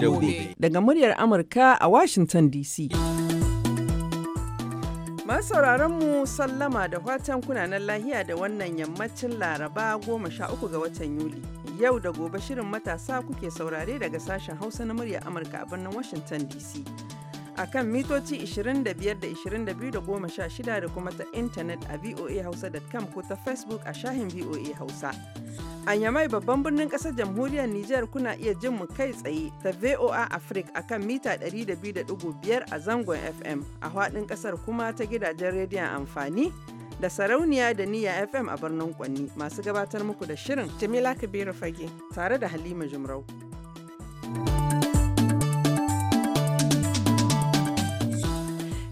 da gobe. Daga muryar Amurka a Washington DC. sauraron mu sallama da fatan kunanan lahiya da wannan yammacin laraba goma sha uku ga watan Yuli. Yau da gobe shirin matasa kuke saurare daga sashen Hausa na muryar Amurka a birnin Washington DC. a kan mitoci 25 da 22 da 16 da kuma ta intanet a voahausa.com ko ta facebook a shahin voa hausa. A Yamai babban birnin ƙasar jamhuriyar Nijar kuna iya jin mu kai tsaye ta VOA Africa a kan mita 200.5 a zangon FM a haɗin ƙasar kuma ta gidajen rediyon amfani da sarauniya da niya FM a birnin Kwanni masu gabatar muku da shirin Jamila Kabiru Fage tare da Halima Jumrau.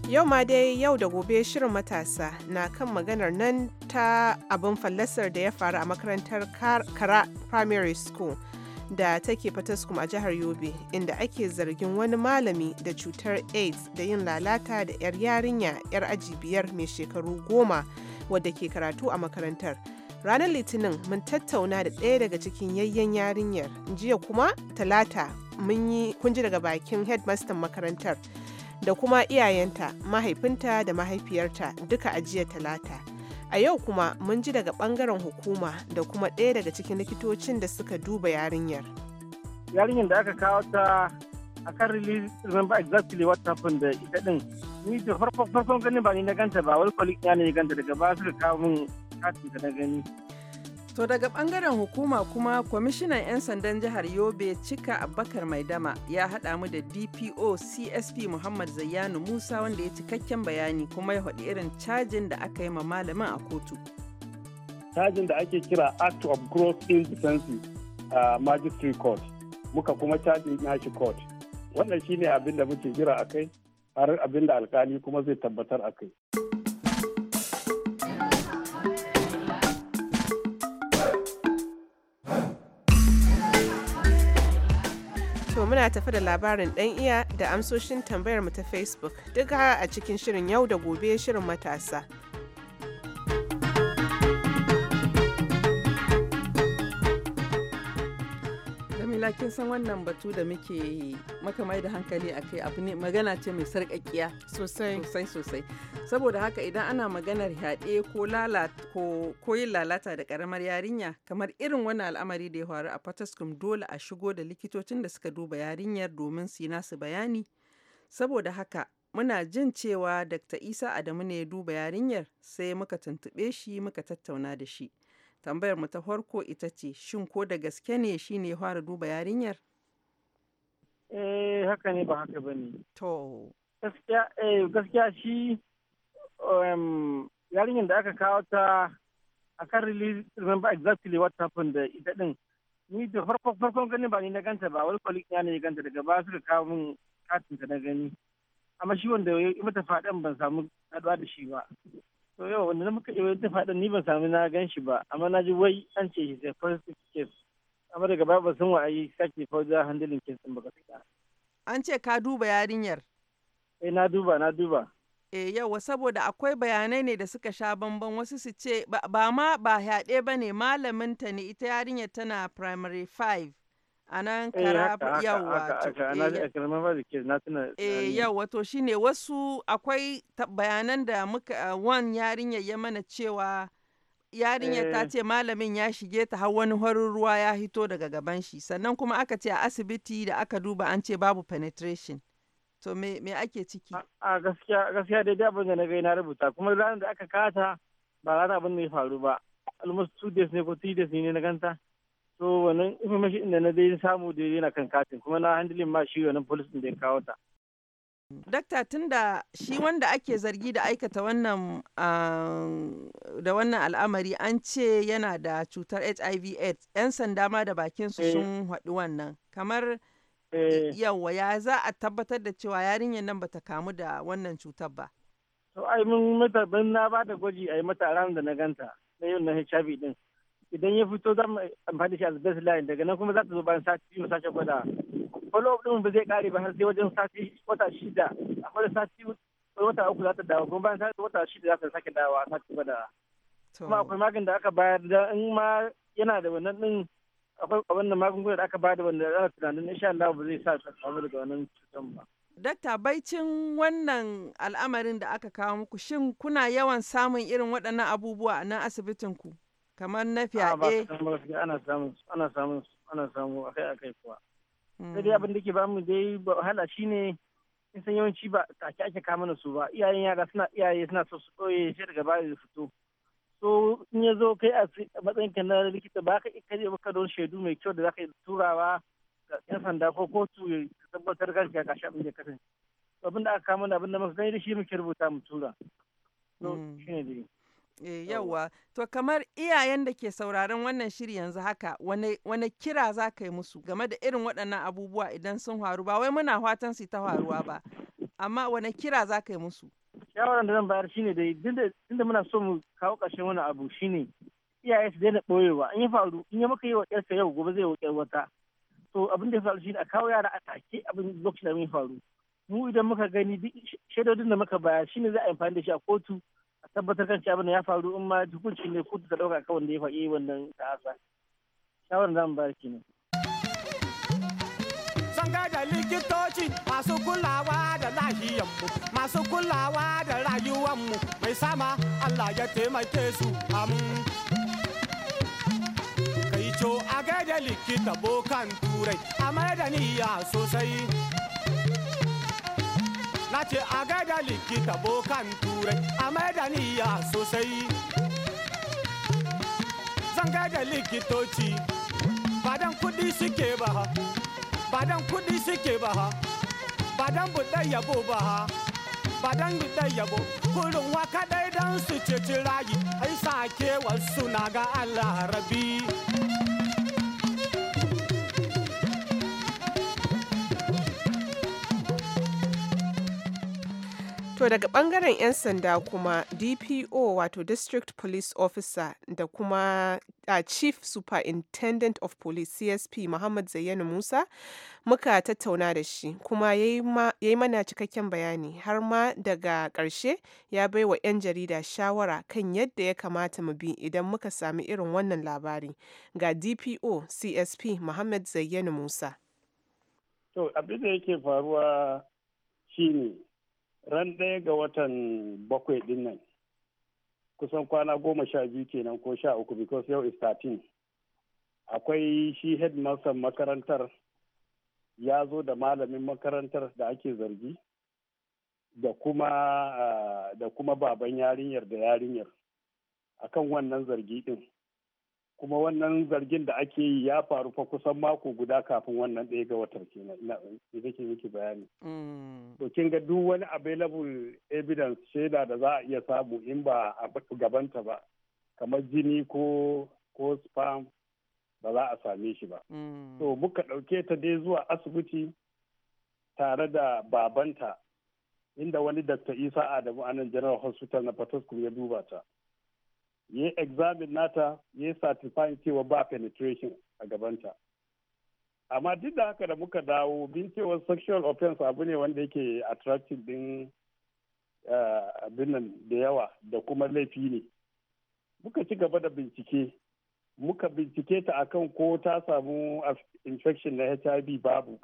Yau ma dai yau da gobe shirin matasa na kan maganar nan ta abin fallasar da ya faru a makarantar Kara Primary School da take Fataskum a jihar Yobe inda ake zargin wani malami da cutar AIDS da yin lalata da 'yar yarinya 'yar aji biyar mai shekaru goma wadda ke karatu a makarantar. Ranar Litinin mun tattauna da ɗaya daga cikin yayyen yarinyar jiya kuma talata mun yi kunji daga bakin headmaster makarantar. da kuma iyayenta mahaifinta da mahaifiyarta duka a talata a yau kuma mun ji daga bangaren hukuma da kuma ɗaya daga cikin likitocin da suka duba yarinyar yarinyar da aka kawo ta a kan release remember exactly what happened da ita din ni da farkon ganin ba ni na ganta ba wani colleague ne ganta daga ba suka kawo min katin da na gani To daga bangaren hukuma kuma kwamishinan 'yan sandan jihar Yobe cika Abubakar Maidama ya haɗa mu da DPO CSP Muhammad Zayyanu Musa wanda ya cikakken bayani kuma ya haɗi irin cajin da aka yi ma malamin a kotu. Cajin da ake kira Act of Gross Indecency a uh, Court muka kuma cajin nashi court. Wannan shine abin da muke jira a kai har abin da alkali kuma zai tabbatar a kai. muna tafi da labarin ɗan iya da amsoshin tambayar mu ta Facebook duka a cikin shirin yau da gobe shirin matasa. jamila kin san wannan batu da muke maka da hankali a kai abu ne magana ce mai sarƙaƙiya sosai sosai saboda haka idan ana maganar yaɗe ko lalata ko koyin lalata da ƙaramar yarinya kamar irin wannan al'amari da ya faru a Fataskum dole a shigo da likitocin da suka duba yarinyar domin su yi nasu bayani saboda haka muna jin cewa Dr. Isa Adamu ne ya duba yarinyar sai muka tuntuɓe shi muka tattauna da shi. Tambayar mu ta farko ita ce, shin ko da gaske ne shi ne ya fara duba yarinyar? Eh, haka ne ba haka ba ne. To. Gaskiya, eh, gaskiya shi yarinyar da aka kawo ta a kan really remember exactly what happened da ita din. Ni da farko farkon ganin ba ni na ganta ba, wani kwalik ya ne ya ganta daga baya suka kawo min katin ta na gani. Amma shi wanda ya mata faɗin ban samu haɗuwa da shi ba. to yau wanda muka yi wani faɗin ni ban sami na gan shi ba amma na ji wai an ce shi sai first case amma daga baba sun wa ayi sake fauza handling case din baka fita an ce ka duba yarinyar eh na duba na duba e eh, yawa saboda akwai bayanai ne da suka sha bamban wasu su ce ba ma ba yaɗe ba ne malamin ta ne ita yarinyar tana primary 5 a nan karaba yawa yawa to shine wasu akwai bayanan da muka wan yarinya ya mana cewa yarinya ta eh. ce malamin ya shige ta har wani horin ruwa ya hito daga gaban shi sannan kuma aka ce a asibiti da aka duba an ce babu penetration to me me ake ciki a gaskiya gaskiya dai da abin da na ga na rubuta kuma ranar da aka kata ba ranar abin da ya faru ba almost two days ne ko three days ne na ganta so wannan information din da na dai samu da yana kan katin kuma na handling ma shi wannan police din da ya kawo ta Dakta tunda shi wanda ake zargi da aikata wannan um, da wannan al'amari an ce yana da cutar HIV AIDS 'yan sanda ma da bakin su eh. sun haɗu wannan kamar eh. yawa ya za a tabbatar da cewa yarinyar nan bata kamu da wannan cutar ba. To ai mun mata na ba da gwaji a mata ran da na ganta na yau na HIV din. idan ya fito za mu amfani shi as baseline daga nan kuma za ta zo bayan sati biyu sace gwada follow up din ba zai kare ba har sai wajen sati wata shida akwai da sati wata uku za ta dawo kuma bayan sati wata shida za ta sake a sati gwada kuma akwai magani da aka bayar da in ma yana da wannan din akwai wannan magunguna da aka bayar da wanda ana tunanin insha Allah ba zai sa ta samu daga wannan cutar ba Dakta baicin wannan al'amarin da aka kawo muku shin kuna yawan samun irin waɗannan abubuwa a nan asibitin ku? kamar na fyaɗe ana samun ana samun ana samu akai akai kuwa hmm. sai dai abin da ke bamu dai wahala ne in san yawanci ba take ake kama mana su ba iyayen yara suna iyaye suna so su ɗoye shi daga bayan da fito so in ya zo kai a matsayin ka na likita ba ka ikari je ka don shaidu mai kyau da za ka yi turawa ga yan sanda ko kotu ya tabbatar kan ka gashi abin da kasance abin da aka kama mana abin da muka zai da shi muke rubuta mu tura so hmm. shine dai Eh, to kamar iyayen da ke sauraron wannan shiri yanzu haka wani kira za ka yi musu game da irin waɗannan abubuwa idan sun faru ba wai muna fatan su ta faruwa ba amma wani kira za ka yi musu shawaran da zan bayar shine dai tunda muna so mu kawo ƙarshen wani abu shine iyaye su daina ɓoyewa in ya faru in ya maka yi wa ƙyarka yau gobe zai wa wata to abin da ya faru shine a kawo yara a take abin lokacin da ya faru mu idan muka gani duk shaidodin da muka baya shine za a amfani da shi a kotu tabbatar kan abin ya faru in ma hukunci ne kudu ta dauka kawai da ya faɗi wannan ta'asa shawarar zamu bayar ne. Sanga da likitoci masu kulawa da lahiyanmu masu kulawa da rayuwanmu mai sama Allah ya taimake su amu Kai co a gaida likita bokan turai a mai da niyya sosai. na ce a gaida likita bokan turai a maida niyya sosai zan gaida likitoci badan kudi suke ba ha badan kudi suke ba ha badan buɗe yabo ba ha badan buɗe yabo kurin waka dai dan su ce rayi ai sake wasu na ga Allah rabi. To daga bangaren 'yan sanda kuma DPO wato District Police Officer da kuma uh, Chief Superintendent of Police CSP Muhammad Zayyanu Musa muka tattauna da shi kuma ya yi mana cikakken bayani har ma daga karshe ya baiwa 'yan jarida shawara kan yadda ya kamata mu bi idan muka sami irin wannan labari ga DPO CSP Muhammad Zayyanu Musa. To abin da yake faruwa shine ran ɗaya ga watan bakwai ɗin nan kusan kwana goma sha biyu kenan ko sha uku because yau is 13 akwai shi headmaster makarantar ya zo da malamin makarantar da ake zargi da kuma ah, da kuma baban yarinyar da yarinyar akan wannan zargi ɗin kuma wannan zargin da ake yi ya faru fa kusan mako guda kafin wannan ɗaya ga watan kenan ina ke miki bayani mm. to kin ga duk wani available evidence shaida da za a iya samu in ba a gabanta ba kamar jini ko ko spam ba za a same shi ba mm. to muka ɗauke ta dai zuwa asibiti tare da babanta inda wani Dr. Isa Adamu a nan General Hospital na Patoskum ya duba ta. ya yi nata ya yi certifying cewa ba penetration a gabanta amma duk da haka da muka dawo bincewar sexual offense abu ne wanda yake attractive din eh, abin nan da yawa da kuma laifi ne muka ci gaba da bincike muka bincike ta akan ko ta samu infection na hiv babu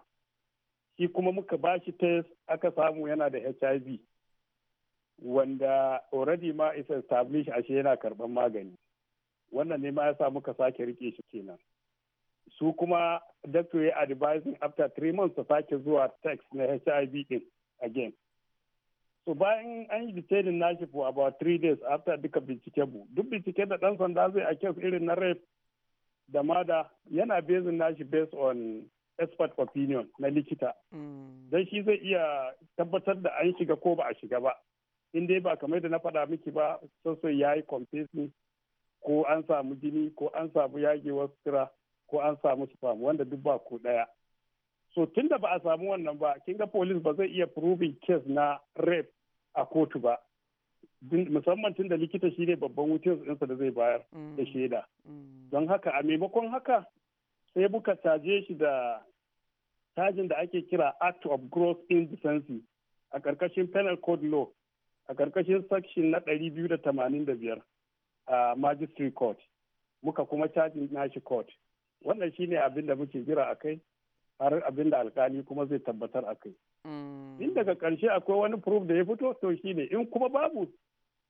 shi kuma muka bashi shi test aka samu yana da hiv wanda already ma is established ashe yana karban magani wannan ne ma ya sa muka sake rike shi kenan su kuma doctor ya advising after three months su sake zuwa text na hiv din again so bayan an yi detailing nashi for about three days after duka bincike bu duk bincike da dan sanda zai a kes irin na rape da mada yana bezin nashi based on expert opinion na likita mm. don shi zai iya tabbatar da an shiga ko ba a shiga ba in dai ba kamar da na faɗa miki ba sosai ya yi confessing ko an samu jini ko an samu yagewar sutura ko an samu famu wanda duk ba ku ɗaya so tun da ba a samu wannan ba kin ga police ba zai iya proving case na rape a kotu ba musamman tun da likita shi ne babban wucin ɗinsa da zai bayar da mm. shaida mm. don haka a maimakon haka sai buka caje shi da tajin da ake kira act of gross indecency a ƙarƙashin penal code law a ƙarƙashin section na ɗari da da tamanin biyar a magistrate court muka kuma caji nashi court wannan shine abin da muke jira a kai har abin da alkali kuma zai tabbatar a kai mm. in daga ƙarshe akwai wani proof da ya fito to shine in kuma babu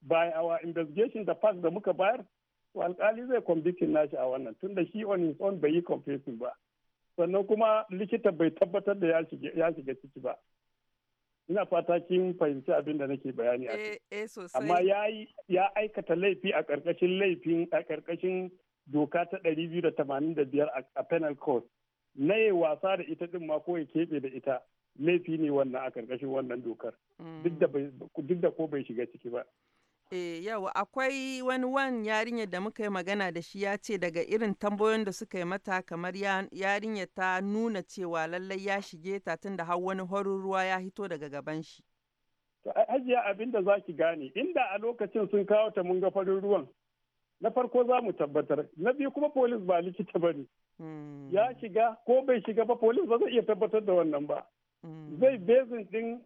by our investigation da fact da muka bayar to alkali zai convictin nashi a wannan tun da shi on his own bai yi confessing ba sannan kuma likita bai tabbatar da ya shiga ciki ba ina fata kin fahimci abin da nake bayani a eh, eh, amma ya aikata laifi a karkashin laifin a karkashin doka ta biyar a penal court na yi wasa da ita din ma ko ya keɓe da ita laifi ne wannan a karkashin wannan dokar mm. duk da ko bai shiga ciki ba Eh yau akwai wani wan yarinyar da muka yi magana da shi ya ce daga irin tambayoyin da suka yi mata kamar yarinyar ta nuna cewa lallai ya shige ta tunda har wani horon ruwa ya hito daga gaban shi. To hajiya abin da za ki gane inda a lokacin sun kawo ta mun ga farin ruwan na farko za mu tabbatar na biyu kuma polis ba likita ba ne. Hmm. Ya shiga ko bai shiga ba polis ba zai iya tabbatar da wannan ba. Hmm. Zai bezin din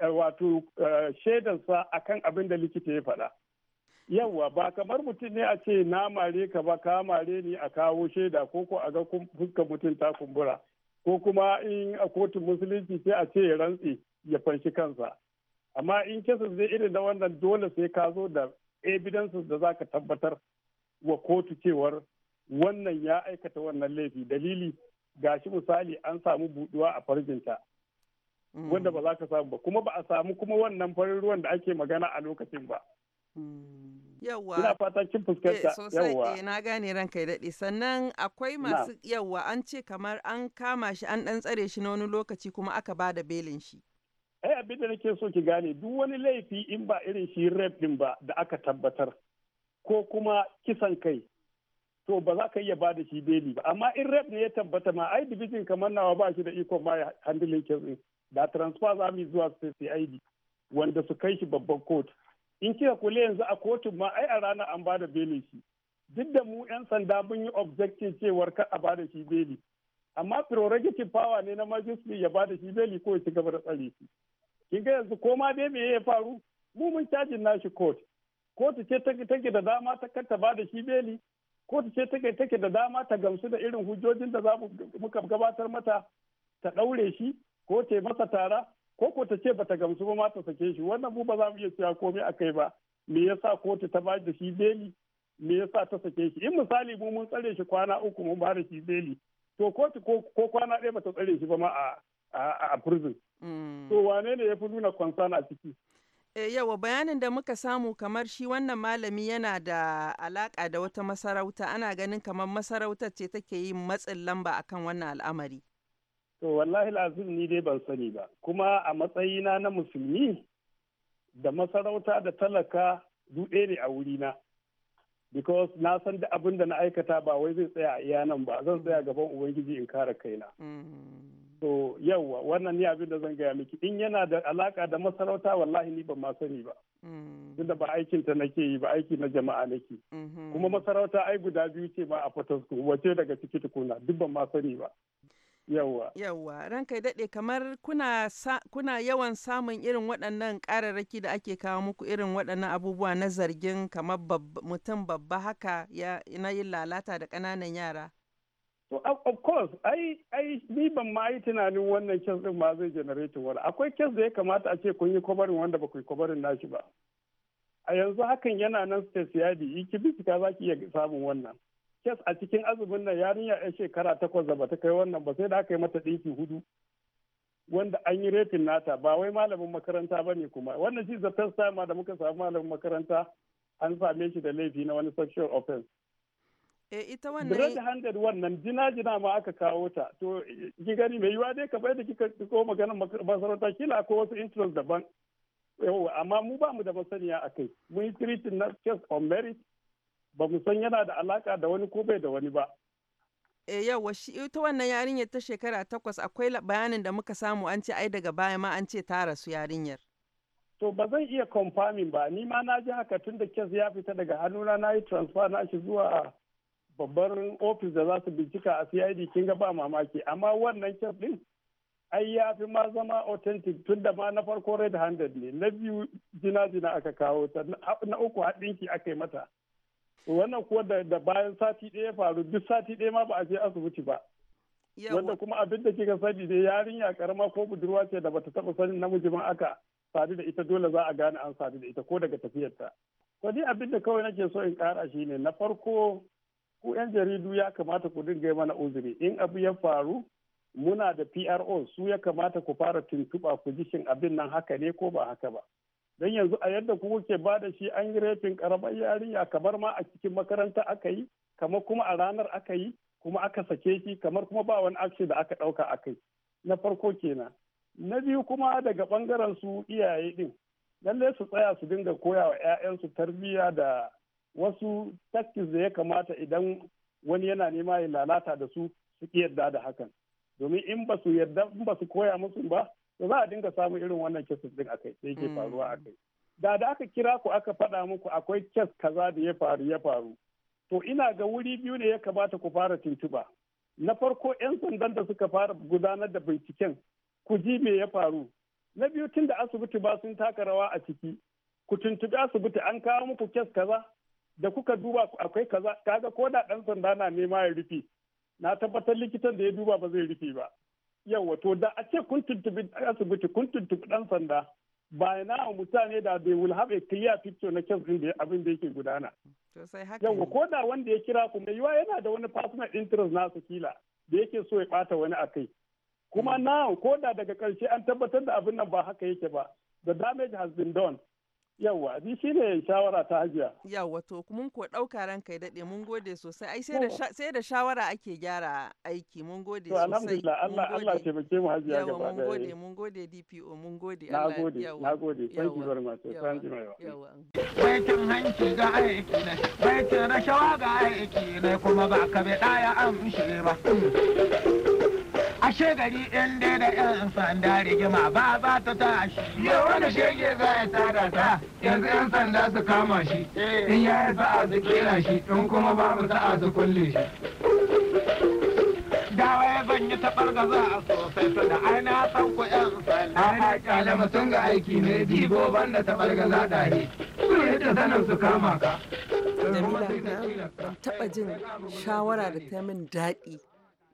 Eh, wato eh, shaidarsa akan abin da likita ya faɗa. yawwa ba kamar mutum ne a ce na mare ka ba ka mare ni a kawo shaida ko ko a ga fuskar mutum ta kumbura ko kuma in a kotun musulunci sai a ce ya rantse ya fanshi kansa amma in kesa zai irin da wannan dole sai ka zo da evidences da za ka tabbatar wa kotu cewar wannan ya aikata wannan laifi dalili ga shi misali an samu buɗuwa a farjinta Mm. wanda ba za ka samu ba kuma ba a samu kuma wannan farin ruwan da ake magana a lokacin ba mm. yawwa ina fatan kin fuskanta eh, yawwa eh, na gane ranka ya daɗe sannan akwai masu yawwa an ce kamar an kama shi an ɗan tsare shi na wani lokaci kuma aka ba da belin shi ai eh, abin da nake so ki gane duk wani laifi in ba irin shi rap din ba da aka tabbatar ko kuma kisan kai to ba za ka iya ba da shi beli ba amma in rep ne ya tabbata ma ai division kamar nawa ba shi da iko ma handling case da transfer za mu zuwa CID wanda su kai shi babban court in kika kula yanzu a kotun ma ai a rana an ba da belin shi duk da mu 'yan sanda mun yi objectin cewar kar a ba da shi beli amma prerogative power ne na majistri ya ba da shi beli ko ya ci gaba da tsare shi kin ga yanzu ko ma dai me ya faru mu mun cajin nashi court kotu ce ta take da dama ta kanta ba da shi beli kotu ce take take da dama ta gamsu da irin hujjojin da za mu muka gabatar mata ta ɗaure shi ko ce masa tara ko ko ta ce bata gamsu ba ma ta sake shi wannan mu ba za mu iya cewa komai a kai ba me yasa kotu ta ba da shi beli me yasa ta sake shi in misali mu mun tsare shi kwana uku mun ba da shi beli to kotu ko kwana ɗaya bata tsare shi ba ma a a prison mm. to wane ne ya fi nuna kwansana a ciki Eh, yawa bayanin da muka samu kamar shi wannan malami yana da alaƙa da wata masarauta ana ganin kamar masarautar ce take yin matsin lamba akan wannan al'amari. To wallahi lazim ni dai ban sani ba kuma a matsayina na musulmi da masarauta da talaka duɗe ne a wurina. Because na san da abin da na aikata ba wai zai tsaya a iya nan ba zan tsaya gaban Ubangiji in kare kaina. Mm. to yawa wannan ni abin da zan gaya miki in yana da alaka da masarauta wallahi ni ban ma sani ba mm. tunda ba aikin ta nake yi ba aiki na jama'a nake mm-hmm. kuma masarauta ai guda biyu ce ma a su wace daga ciki tukuna duk ban ma sani ba yawa yawa ranka ya daɗe kamar kuna kuna yawan samun irin waɗannan ƙararraki da ake kawo muku irin waɗannan abubuwa na zargin kamar mutum babba haka ya na yin lalata da ƙananan yara To of course, ai ai ni ban ma yi tunanin wannan kes din ma zai generate wani. Akwai kes da ya kamata a ce kun yi kwabarin wanda ba ku yi kwabarin nashi ba. A yanzu hakan yana nan bi yi ki bincika za ki iya samun wannan. Kes a cikin azumin nan yarinya yan shekara takwas da bata kai wannan ba sai da aka yi mata ɗinki hudu. Wanda an yi retin nata ba wai malamin makaranta ba ne kuma. Wannan shi the first time da muka samu malamin makaranta an same shi da laifi na wani sexual offense. E ita wannan wannan jina jina ma aka kawo ta to ki gani mai yiwa dai ka bai da kika ko maganar masarauta kila ko wasu interest daban Yawwa, amma mu ba mu da masaniya a kai mun yi treating na case on merit ba mu san yana da alaka da wani ko bai da wani ba e eh, yawa shi ita wannan yarinyar ta shekara takwas akwai bayanin da muka samu an ce ai daga baya ma an ce ta rasu yarinyar to ba zan iya confirming ba ni ma na ji haka tun da kes ya fita daga hannuna na yi transfer na shi zuwa babbar ofis da za su bincika a cid kin ga ba mamaki amma wannan kyaf din ai ya fi ma zama authentic tun da ma na farko red handed ne na biyu jina-jina aka kawo ta na uku haɗinki aka yi mata wannan kuwa da bayan sati ɗaya faru duk sati ɗaya ma ba a je asibiti ba wanda kuma abin da kika sani ne yarinya karama ko budurwa ce da bata taba sanin namiji ma aka sadu da ita dole za a gane an sadu da ita ko daga tafiyarta wani abin da kawai nake so in kara shi ne na farko ku 'yan jaridu ya kamata ku dinga mana uzuri in abu ya faru muna da PRO su ya kamata ku fara tuntuɓa ku ji shin abin nan haka ne ko ba haka ba. Don yanzu a yadda ku kuke ba da shi an yi rafin karamar yarinya kamar ma a cikin makaranta aka yi, kamar kuma a ranar aka yi, kuma aka sake shi kamar kuma ba wani action da aka ɗauka a kai. Na farko kenan. Na biyu kuma daga ɓangaren su iyaye ɗin. Lallai su tsaya su dinga koya wa 'ya'yansu tarbiyya da wasu tactics da ya kamata idan wani yana nema ya lalata da su su ki yarda da hakan domin in ba su yarda in ba su koya musu ba to za a dinga samun irin wannan cases din akai da yake mm. faruwa akai da da aka kira ku aka faɗa muku akwai kes kaza da ya faru ya faru to ina ga wuri biyu ne ya kamata ku fara tuntuɓa na farko 'yan sandan da suka fara gudanar da binciken ku ji me ya faru na biyu tun da asibiti ba sun taka rawa a ciki ku tuntuɓi asibiti an kawo muku kes kaza da kuka duba akwai kaza kaga ko da ɗan sanda na nema ya rufe na tabbatar likitan da ya duba ba zai rufe ba yawa to da a ce kun tuntubi asibiti kun tuntubi dan sanda ba na mutane da they will have a clear picture na kes da abin da yake gudana yawa ko da wanda ya kira ku yiwa yana da wani personal interest su kila da yake so ya bata wani a kai kuma hmm. na ko da daga karshe an tabbatar da abin nan ba haka yake ba the damage has been done Yawwa, ni shi ne shawara ta hajiya. Yawwa, to mun ko ɗauka ranka ya daɗe mun gode sosai. Ai sai da shawara ake gyara aiki mun gode sosai. alhamdulillah Allah Allah taimake mu hajiya gaba ɗaya. mun gode mun gode DPO mun gode Allah. Na gode, na gode. Thank you very much. Thank you yawa much. hanci ga aiki ne, baitin rashawa ga aiki ne kuma ba ka bi ɗaya amshi ba. ashe gari in dai da yan sanda rigima ba za ta tashi ya wani shege za ya tada ta yanzu yan sanda su kama shi eh. in ya yi sa'a su kera shi in kuma babu sa'a su kulle shi dawa ya ban yi taɓar da za a sosai su da aina san ku yan sanda aina kyale mutum ga aiki ne dibo banda taɓar ga za da yi su yadda sanin su kama ka Jamila, taɓa jin shawara da ta min daɗi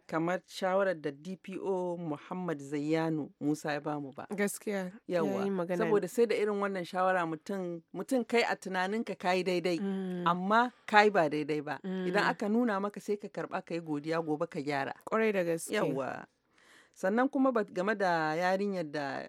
kamar shawarar da DPO Muhammad Zayyanu Musa ya bamu ba. Gaskiya. Yawa. Saboda sai da irin wannan shawara mutum mutum kai a tunaninka kayi daidai mm. amma kayi ba daidai ba. Mm. Idan aka nuna maka sai ka karba ka yi godiya gobe ka gyara. Kwarai da gaske. Yawa. Sannan kuma game da yarinyar da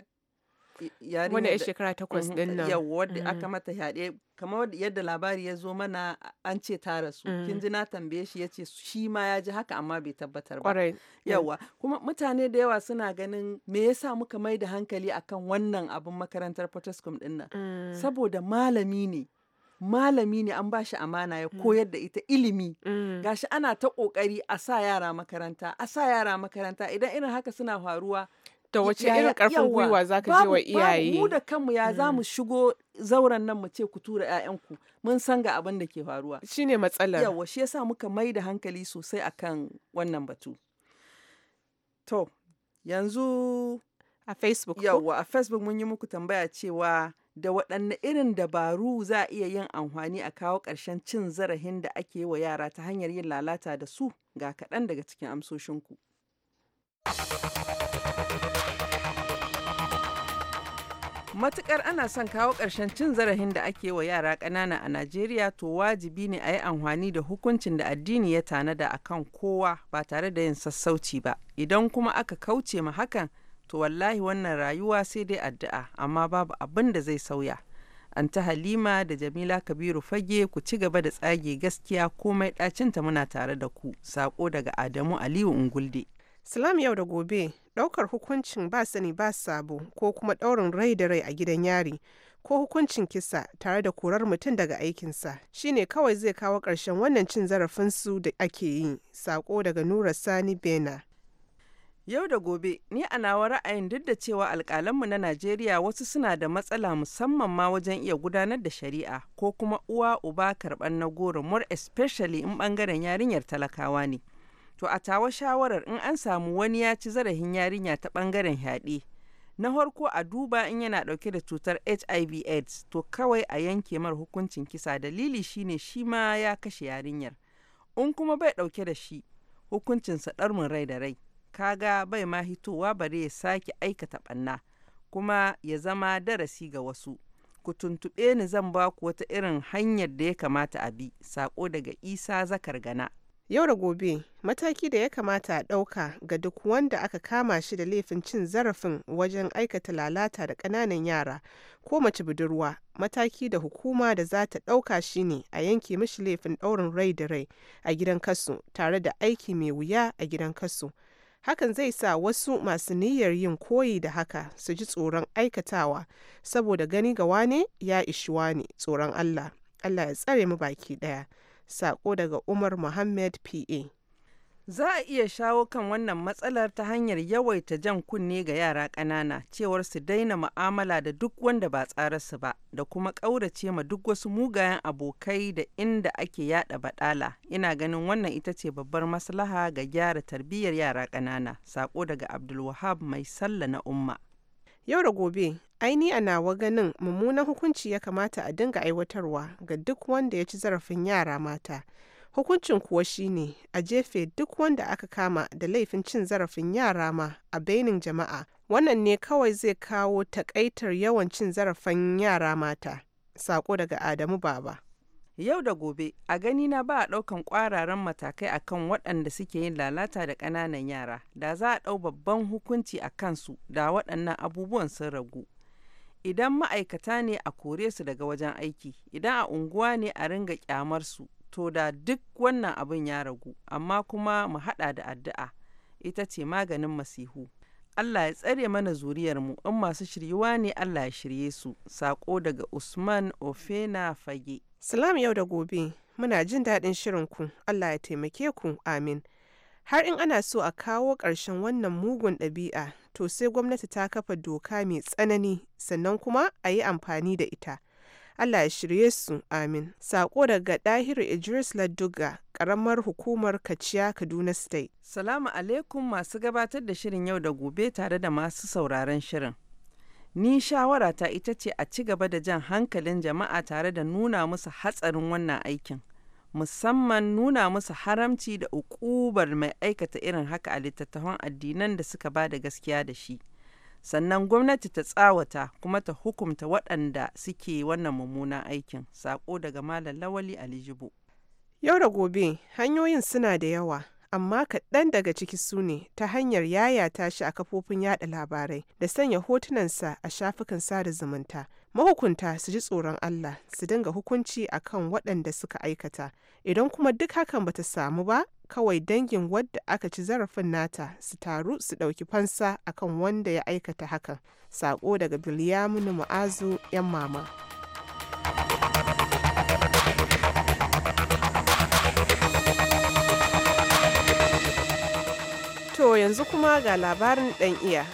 wanda ya shekara takwas din uhm, nan yau wadda aka mm. mata yaɗe kamar yadda labari ya zo mana an ce ta rasu kin mm. ji na tambaye shi ya ce shi ma ya ji haka amma bai tabbatar ba eh. yawa kuma mutane da yawa suna ganin me yasa muka mai da hankali akan wannan abin makarantar potoscom din nan mm. saboda malami ne malami ne an bashi amana ya mm. koyar da ita ilimi gashi ana ta kokari a sa yara makaranta a sa yara makaranta idan irin haka suna faruwa da wace irin karfin gwiwa za ka je wa iyaye mu da kanmu ya za mu mm. shigo zauren nan mu ce ku tura 'ya'yanku mun san ga abin da ke faruwa shine matsalar yawa shi yasa muka mai da hankali sosai akan wannan batu to yanzu a facebook yawa a facebook mun yi muku tambaya cewa da waɗanne irin dabaru za a iya yin amfani a kawo ƙarshen cin zarafin da ake yi wa yara ta hanyar yin lalata da su ga kaɗan daga cikin amsoshinku. matukar ana son kawo ƙarshen cin zarafin da ake wa yara ƙanana a najeriya to wajibi ne a yi amfani da hukuncin da addini ya tanada a kan kowa ba tare da yin sassauci ba idan kuma aka kauce ma hakan to wallahi wannan rayuwa sai dai addu'a amma babu abin da zai sauya an ta halima da jamila kabiru fage ku ci gaba da tsage gaskiya komai ɗacinta muna tare da ku sako daga adamu aliyu ungulde Salam yau da gobe ɗaukar hukuncin ba sani ba sabo ko kuma ɗaurin rai da rai a gidan yari ko hukuncin kisa tare da korar mutum daga aikinsa shine kawai zai kawo ƙarshen wannan cin zarafin su da ake yi sako daga nura sani bena yau da gobe ni a nawa ra'ayin duk da cewa alƙalanmu na najeriya wasu suna da matsala musamman ma wajen iya gudanar da shari'a ko kuma uwa uba karɓar na goro more especially in ɓangaren yarinyar talakawa ne To a tawa shawarar in an samu wani ya ci zarafin yarinya ta bangaren yaɗe. Na harko a duba in yana ɗauke da cutar HIV AIDS to kawai a yanke mar hukuncin kisa dalili shine shi ma ya kashe yarinyar. In kuma bai ɗauke da shi hukuncinsa ɗarmin rai da rai. Kaga bai ma hitowa bare ya sake aikata ɓanna kuma ya zama darasi ga wasu. Ku tuntuɓe ni zan ba ku wata irin hanyar da ya kamata a bi. Sako daga Isa Zakar Gana. Yau da gobe, mataki da ya kamata a ɗauka ga duk wanda aka kama shi da laifin cin zarafin wajen aikata lalata da ƙananan yara ko mace budurwa, mataki da hukuma da za ta ɗauka shi ne a yanke mishi laifin ɗaurin rai da rai a gidan kasu tare da aiki mai wuya a gidan kasu Hakan zai sa wasu masu niyyar yin koyi da haka su ji tsoron aikatawa saboda gani ga wane ya ishi ne tsoron Allah. Allah ya tsare mu baki ɗaya. Sako daga Umar Muhammad PA. Za a iya shawo kan wannan matsalar ta hanyar yawaita jan kunne ga yara ƙanana cewar su daina mu'amala da duk wanda ba tsararsu ba da kuma ƙaurace ma duk wasu mugayen abokai da inda ake yada baɗala. Ina ganin wannan ita ce babbar maslaha ga gyara tarbiyyar yara ƙanana. Saƙo daga Abdulwahab mai salla na umma. Yau da gobe aini a nawa ganin mummunan hukunci ya kamata a dinga aiwatarwa ga duk wanda ya ci zarafin yara mata, hukuncin kuwa shine a jefe duk wanda aka kama da laifin cin zarafin yara ma a bainin jama'a, wannan ne kawai zai kawo takaitar yawan cin zarafin yara mata. Sako daga Adamu Baba. Yau da gobe, a gani na ba a ɗaukan ƙwararan matakai akan waɗanda suke yin lalata da ƙananan yara, da za a ɗau babban hukunci a kansu da waɗannan abubuwan sun ragu. Idan ma'aikata ne a kore su daga wajen aiki, idan a unguwa ne a ringa kyamar su, to da duk wannan abun ya ragu, amma kuma mu haɗa da addu'a, ita ce maganin masihu. Allah ya tsare mana zuriyar mu in masu shiryuwa ne Allah ya shirye su. Sako daga Usman Ofena Fage. Salam yau da gobe, muna jin daɗin shirin ku, Allah ya taimake ku, amin. Har in ana so a kawo ƙarshen wannan mugun ɗabi'a to sai gwamnati ta kafa doka mai tsanani sannan kuma a yi amfani da ita. Allah ya shirye su amin. Sako daga Dahiru Idris Laduga, karamar hukumar Kaciya Kaduna State. Salamu alaikum masu gabatar da shirin yau da gobe tare da masu sauraron shirin. Ni shawara ta ita ce a ci gaba da jan hankalin jama'a tare da nuna musu hatsarin wannan aikin. musamman nuna musu haramci da ukubar mai aikata irin haka a littattafan addinan da suka ba da gaskiya da shi sannan gwamnati ta tsawata kuma ta hukumta waɗanda suke wannan mummunan aikin sako daga malam lawali alijibo yau da gobe hanyoyin suna da yawa amma kaɗan daga ciki su ne ta hanyar yayata shi a kafofin yada labarai da sanya hotunansa a shafukan sada zumunta mahukunta su ji tsoron Allah su dinga hukunci a kan waɗanda suka aikata idan kuma duk hakan bata samu ba kawai dangin wadda aka ci zarafin nata su taru su ɗauki fansa a kan wanda ya aikata hakan saƙo daga bilyaminu ma'azu 'yan mama to yanzu kuma ga labarin ɗan iya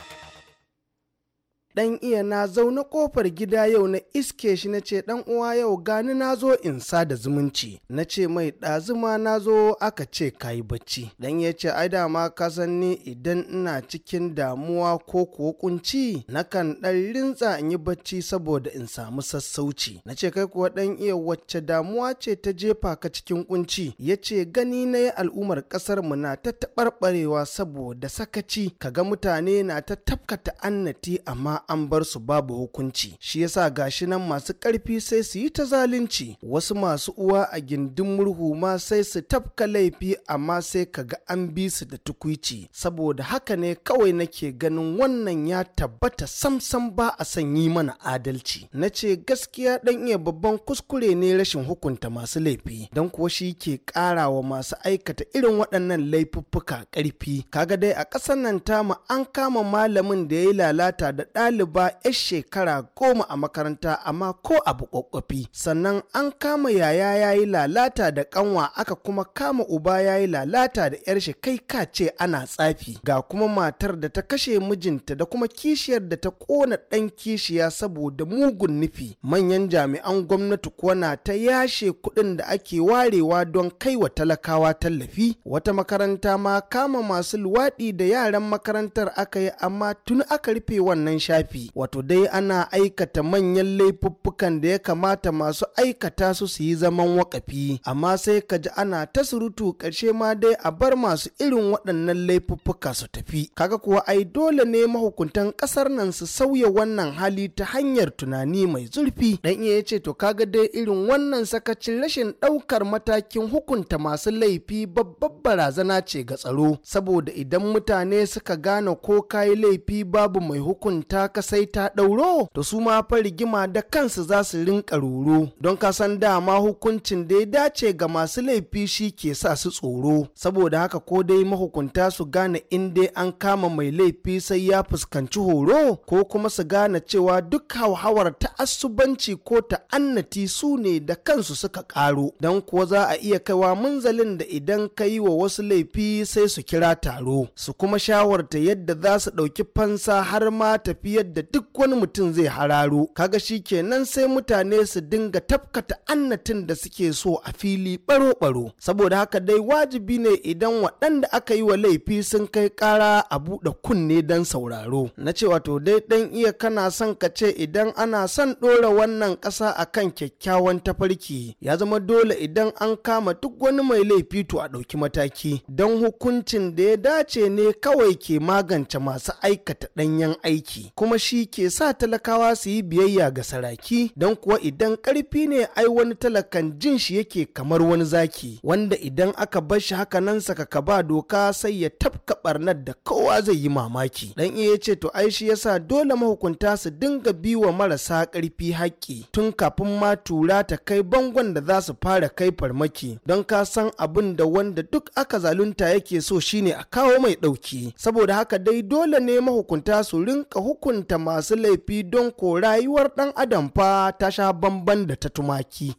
dan iya na zaune kofar gida yau na iske shi na ce dan uwa yau gani na zo in sa da zumunci na ce mai ɗazuma na zo aka ce kayi bacci dan ya ce ai dama ka san ni idan ina cikin damuwa ko kuwa kunci nakan dan rintsa in yi bacci saboda in samu sassauci na ce kai kuwa dan iya wacce damuwa ce ta jefa ka cikin kunci ya ce gani na yi al'ummar kasar mu na ta taɓarɓarewa saboda sakaci kaga mutane na ta tafkata annati amma an bar su babu hukunci shi yasa gashi nan masu ƙarfi sai su yi ta zalunci wasu masu uwa a gindin murhu ma sai su tafka laifi amma sai ka ga an bi su da tukuici saboda haka ne kawai nake ganin wannan ya tabbata samsam ba a son yi mana adalci na ce gaskiya dan iya babban kuskure ne rashin hukunta masu laifi don kuwa shi ke ƙara wa masu aikata irin waɗannan laifuffuka ƙarfi kaga dai a ƙasar nan tamu an kama malamin da ya yi lalata da ɗalibi ɗaliba 'yar shekara goma a makaranta amma ko abu kwakwafi sannan an kama yaya yayi lalata da ƙanwa aka kuma kama uba yayi lalata da 'yar shi kai ka ce ana tsafi ga kuma matar da ta kashe mijinta da kuma kishiyar da ta ƙona ɗan kishiya saboda mugun nufi manyan jami'an gwamnati kuwa na ta yashe kuɗin da ake warewa don kai wa talakawa tallafi wata makaranta ma kama masu luwaɗi da yaran makarantar aka yi amma tuni aka rufe wannan shafi lissafi wato dai ana aikata manyan laifuffukan da ya kamata masu aikata su su yi zaman wakafi amma sai ka ji ana ta surutu ƙarshe ma dai a bar masu irin waɗannan laifuffuka su tafi kaga kuwa ai dole ne mahukuntan ƙasar nan su sauya wannan hali ta hanyar tunani mai zurfi dan iya ce to kaga dai irin wannan sakacin rashin ɗaukar matakin hukunta masu laifi babbar barazana ce ga tsaro saboda idan mutane suka gane ko kayi laifi babu mai hukunta haka sai ta ɗauro to su ma fa rigima da kansu za su rinka roro don ka san dama hukuncin da ya dace ga masu laifi shi ke sa su tsoro saboda haka ko dai mahukunta su gane in dai an kama mai laifi sai ya fuskanci horo ko kuma su gane cewa duk hauhawar ta'assubanci ko ta'annati su ne da kansu suka ƙaro don kuwa za a iya kaiwa munzalin da idan ka yi wa wasu laifi sai su kira taro su kuma shawarta yadda za su ɗauki fansa har ma tafiya yadda duk wani mutum zai hararo kaga shi kenan sai mutane su dinga tafkata annatin da suke so a fili baro-baro saboda haka dai wajibi ne idan waɗanda aka yi wa laifi sun kai ƙara a buɗe kunne don sauraro na cewa to dai ɗan iya kana son ka ce idan ana son ɗora wannan ƙasa a kan kyakkyawan tafarki ya zama dole idan an kama duk wani mai laifi to a ɗauki mataki don hukuncin da ya dace ne kawai ke magance masu aikata ɗanyen aiki kuma kuma shi ke sa talakawa su yi biyayya ga saraki don kuwa idan karfi ne ai wani talakan jin shi yake kamar wani zaki wanda idan aka bar shi haka nan ka ba doka sai ya tafka barnar da kowa zai yi mamaki dan iya ce to ai shi yasa dole mahukunta su dinga biwa marasa karfi haƙƙi tun kafin ma tura ta kai bangon da za su fara kai farmaki don ka san abin da wanda duk aka zalunta yake so shine a kawo mai ɗauki saboda haka dai dole ne mahukunta su rinka hukunta mutunta masu laifi don ko rayuwar ɗan adam fa ta sha bamban da ta tumaki.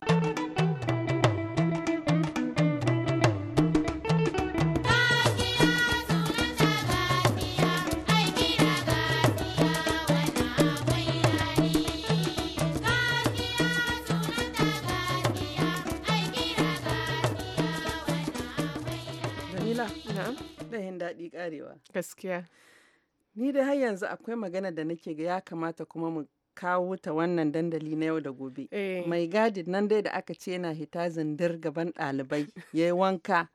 Gaskiya. Ni da har yanzu akwai magana da nake ga ya kamata kuma mu kawo ta wannan dandali na yau da gobe. Eh. Mai gadi nan dai da aka ce yana hita zindir gaban ɗalibai ya yi wanka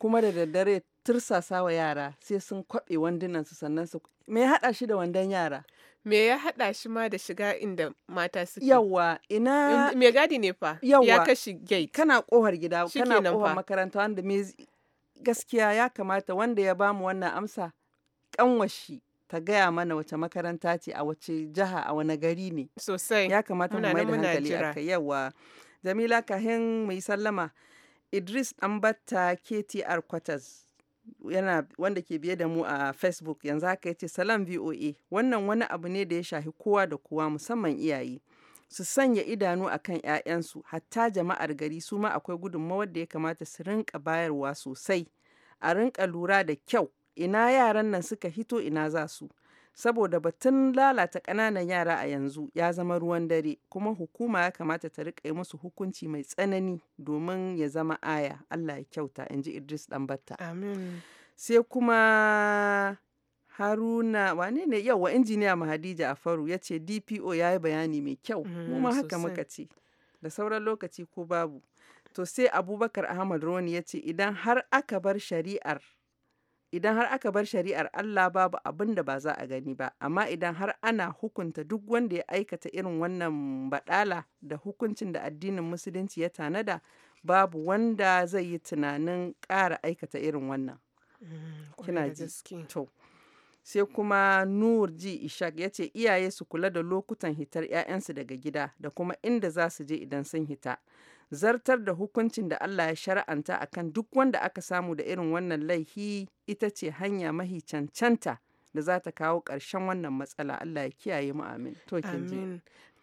kuma da daddare tursasa wa yara sai sun kwaɓe wandunan su sannan su me ya haɗa shi da wandon yara. Me ya haɗa shi ma da shiga inda mata suke? Yawwa ina. Me gadi ne fa? Yawwa. Ya kashi gate. Kana kohar gida kana kohar makaranta wanda me gaskiya ya kamata wanda ya bamu wannan amsa kanwashi ta gaya mana wace makaranta ce a wace jiha a wani gari ne. Sosai. Ya kamata mu mai da hankali a kai yawa. Jamila kahin mai sallama Idris Ambata KTR Quarters yana wanda ke biye da mu a Facebook yanzu haka ya ce salam VOA wannan wani abu ne da ya shahi kowa da kowa musamman iyaye. su sanya idanu a kan 'ya'yansu hatta jama'ar gari su ma akwai gudunmawar da ya kamata su rinka bayarwa sosai a rinka lura da kyau ina yaran nan suka hito ina za su. Saboda batun lalata ƙananan yara a yanzu ya zama ruwan dare kuma hukuma ya kamata ta riƙa musu hukunci mai tsanani domin ya zama aya. Allah ya kyauta in ji Idris Ɗanbatta. Amin. Sai kuma Haruna wane ne yawa injiniya Mahadija Afaru ya ce DPO ya yi bayani mai kyau. Kuma mhm, haka muka ce. Da sauran lokaci ko babu. To sai Abubakar Ahmad Roni ya ce idan har aka bar shari'ar idan har aka bar shari'ar Allah babu abin da ba za a gani ba amma idan har ana hukunta duk wanda ya aikata irin wannan badala da hukuncin da addinin musulunci ya tanada babu wanda zai yi tunanin ƙara aikata irin wannan mm, kina ji sai kuma nur ji ishak ya ce iyaye su kula da lokutan hitar 'ya'yansu daga gida da kuma inda za su je idan sun hita zartar da hukuncin da Allah ya shara'anta kan duk wanda aka samu da irin wannan laifi ita ce hanya mahi cancanta da za ta kawo ƙarshen wannan matsala Allah ya kiyaye mu amin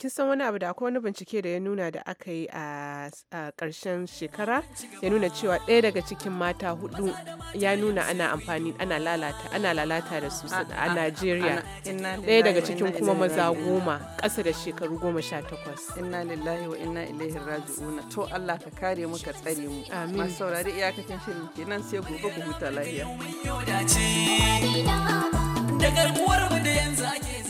kin san wani abu da akwai wani bincike da ya nuna da aka yi a ƙarshen shekara ya nuna cewa ɗaya daga cikin mata hudu ya nuna ana amfani ana lalata ana lalata da su a Najeriya ɗaya daga cikin kuma maza goma ƙasa da shekaru goma sha takwas. Inna lillahi wa inna ilaihi raji'un to Allah ka kare mu ka tsare mu. Amin. Masu saurari iyakacin shirin kenan sai gobe ku huta lafiya. daga garkuwar mu da yanzu ake